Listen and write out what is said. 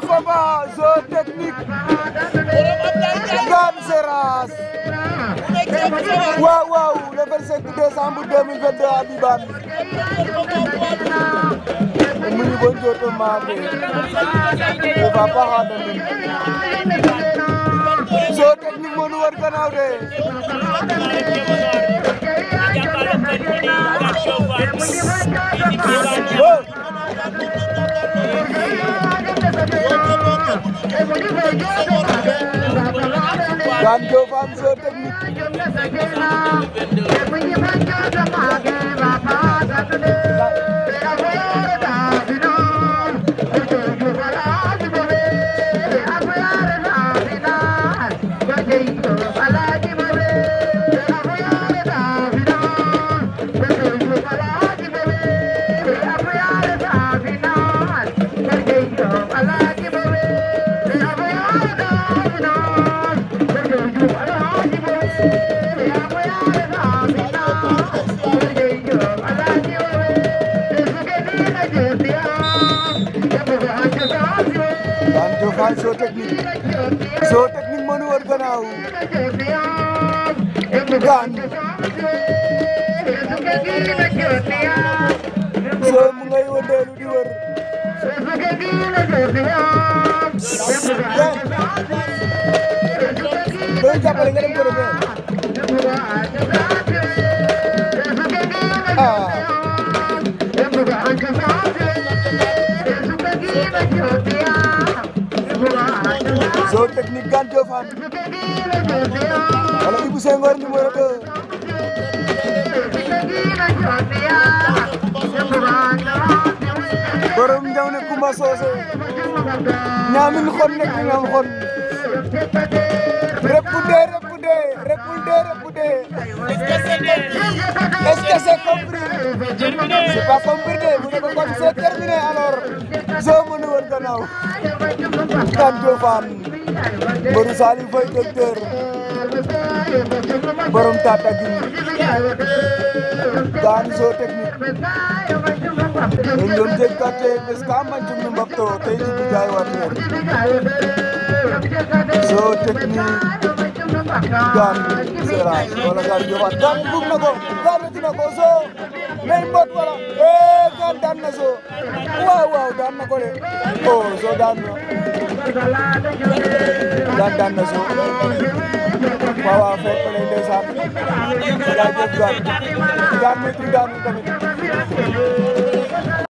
de combat jeu technique Ngane Seras waaw waaw le 25 décembre 2022 à Biban mu ngi bon jooto maake o fa paxa damin jeu technique moo nu war gannaaw de Dame Diop am soo technique Dame Diop Fall show technique show technique moo ñu wër gannaaw daan show mu ngay wëndeelu di wër daan doy jàppale nga dem ko defee ah zoo technique Gane Diofane wala Ibou Senghor numéro 2 borom njaw ne Kumba Soose ñaamin xon ne ki ñaam xon reppu dee reppu dee reppu dee reppu dee est-ce que c'est compris c'est pas compris de mu ne ko kon c'est terminé alors zoo mënu woon gannaaw Gane Diofane mbëru Saliou Faye docteur borom tata gi daanu soo technique en doon jeg kate bes ka manjum no gaan serag wala gaan jofa gaan bug na ko gaan retina ko so nay mbot wala e eh, gaan daan na so waaw waaw na ko de oh, o so daan na ndeysaan daan na so waaw waaw fair play ndeysaan daa jëf daan daan na tudd daan tamit